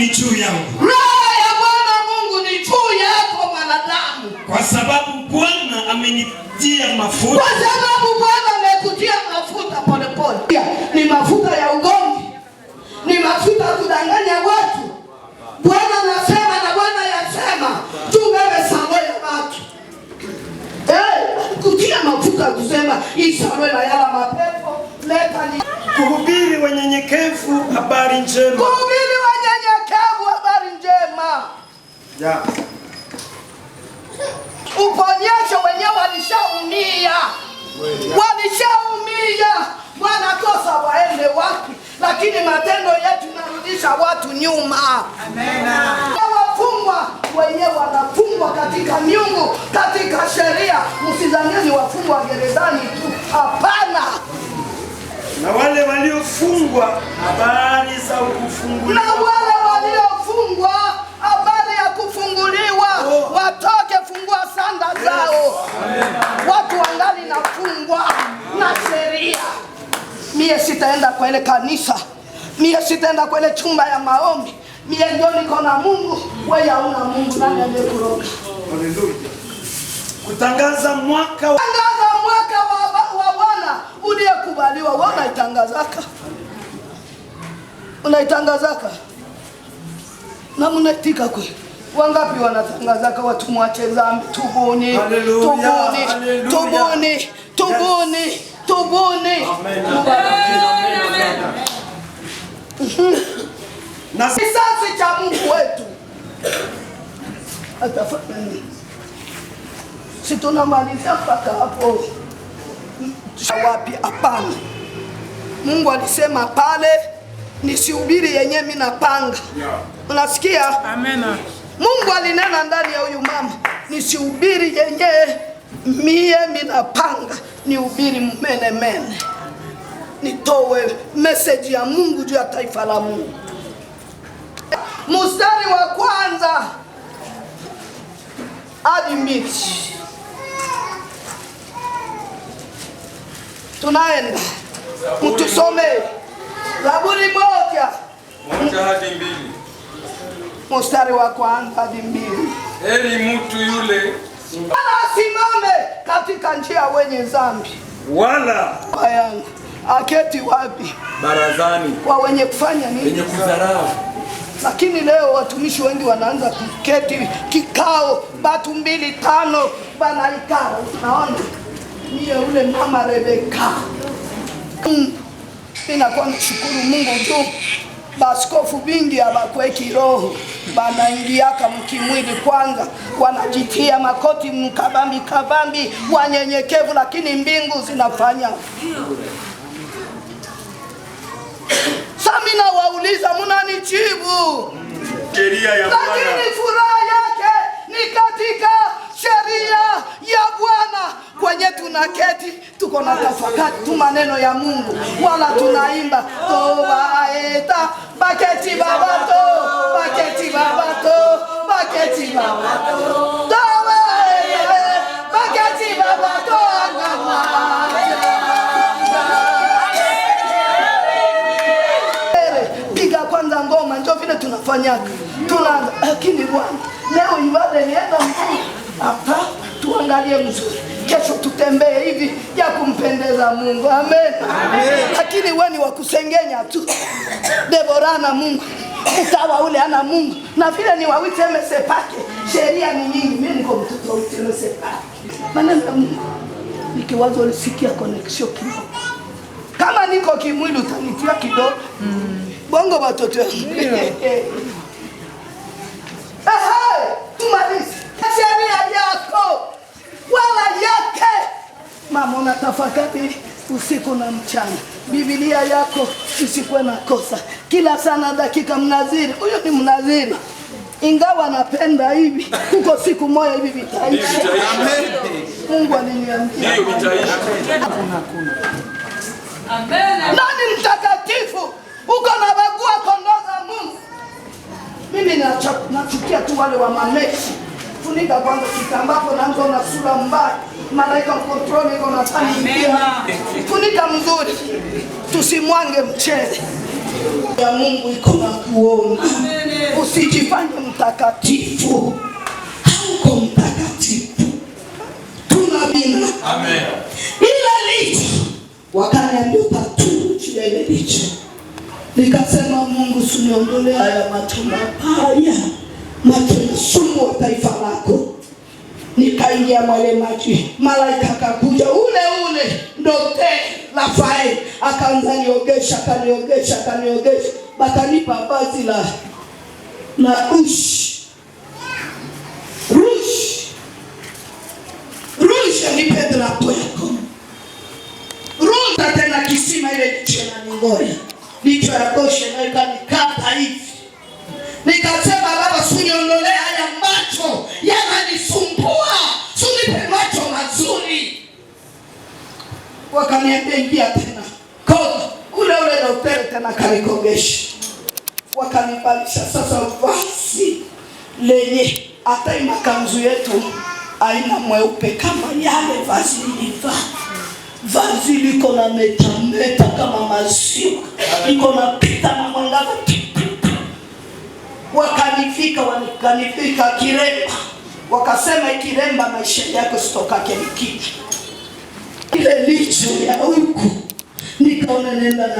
ni juu yangu. Roho ya Bwana Mungu ni juu yako mwanadamu, kwa sababu Bwana amenitia mafuta, kwa sababu Bwana amekutia mafuta polepole. Ni mafuta ya ugomvi, ni mafuta ya kudanganya watu. Bwana anasema na Bwana yasema tu wewe salo ya watu Eh, kutia mafuta kusema isarwe na yala mapepo leta ni kuhubiri wenyenyekevu habari njema kuhubiri wa Yeah. Uponyesho wenyewe walishaumia, walishaumia, wanakosa waende wapi? Lakini matendo yetu narudisha watu nyuma. Amena. Wafungwa wenyewe wanafungwa katika miungu, katika sheria. Msidhani wafungwa gerezani tu, hapana na wale waliofungwa habari za kufunguliwa kwele kanisa, mie sitenda kwele chumba ya maombi, mie ndio niko na Mungu, wewe hauna Mungu, nani aliyekuroga? Haleluya! Kutangaza mwaka wa tangaza mwaka wa wa Bwana uliyekubaliwa, wewe unaitangazaka, unaitangazaka na mnaitika kweli? Wangapi wanatangazaka watu mwache dhambi, tubuni, tubuni, tubuni, tubuni, tubuni, tubuni. na kisasi cha Mungu wetu atafanya nini? Si tunamalizia mpaka hapo wapi? Hapana, Mungu alisema pale nisihubiri yenyewe, mimi napanga. Unasikia? Amen. Mungu alinena ndani ya huyu mama, nisihubiri yenyewe, mie minapanga nihubiri mmenemene nitowe meseji ya Mungu juu ya taifa la Mungu. Mstari wa kwanza hadi mbili tunaenda mtusome Zaburi moja mstari wa kwanza hadi mbili. Heri mtu yule asimame katika njia wenye zambi wala bayana Aketi wapi? Barazani. Kwa wenye kufanya nini? Wenye kudharau. Lakini leo watumishi wengi wanaanza kuketi kikao batu mbili tano banaikao. Naona mie ule mama Rebeka, ninakuwa mm. nashukuru Mungu tu baskofu bingi abakweki roho, banaingiaka mkimwili kwanza, wanajitia makoti mkabambi kabambi, wanyenyekevu, lakini mbingu zinafanya nami nawauliza mnanijibu. Sheria ya Bwana. Lakini furaha yake ni katika sheria ya Bwana kwenye tunaketi tuko na tafakari tu maneno ya Mungu, wala tunaimba tobaeta baketi babato baketi babato baketi babato tunafanyaga tuna, lakini Bwana, leo ibada ilienda mzuri, hapa tuangalie mzuri, kesho tutembee hivi ya kumpendeza Mungu. Amen, amen. Lakini wewe ni wa kusengenya tu. Debora na Mungu utawa ule ana Mungu na vile ni wawite mesepake, sheria ni nyingi. Mimi niko mtoto wawite mesepake, maneno ya Mungu nikiwazo lisikia connection kidogo, kama niko kimwili utanitia kidogo mm bongo watoto wangu tumalize sheria yako wala yake. Mama, unatafakari usiku na mchana, Biblia yako isikuwe na kosa. Kila sana dakika mnaziri, huyo ni mnaziri ingawa napenda hivi, kuko siku moja hivi vitaisha. Mungu aliniambia. Amen. Sikia tu wale wa mamechi, funika kwanza kitambapo na nanzo na sura mbaya, malaika mkontrole iko na tani mbili. Funika mzuri, tusimwange mchele ya Mungu iko na kuona. Usijifanye mtakatifu, hauko mtakatifu, tuna bina Amen. Ila licho wakaniambia tu juu ya ile licho, nikasema Mungu, siniondole haya matunda haya sumu wa taifa lako. Nikaingia mwele maji, malaika akakuja ule ule ndote Rafael, akaanza niogesha, akaniogesha, akaniogesha, bakanipa vazi la na ush rush rush, drapo yako tena kisima ile na ningoya nikata hivi nikasema kuniondolea haya macho yananisumbua, sunipe macho mazuri. Wakaniambia ingia tena koga ule ule daktari tena karikogeshi, wakanibalisha sasa vazi lenye hata makanzu yetu aina mweupe kama yale vazi nilivaa vazi liko na metameta kama maziwa, liko na pita na mwangaza Wakanifika wakanifika Kiremba, wakasema Kiremba, maisha yako sitokake mkiki ile licho ya huku, nikaona nenda na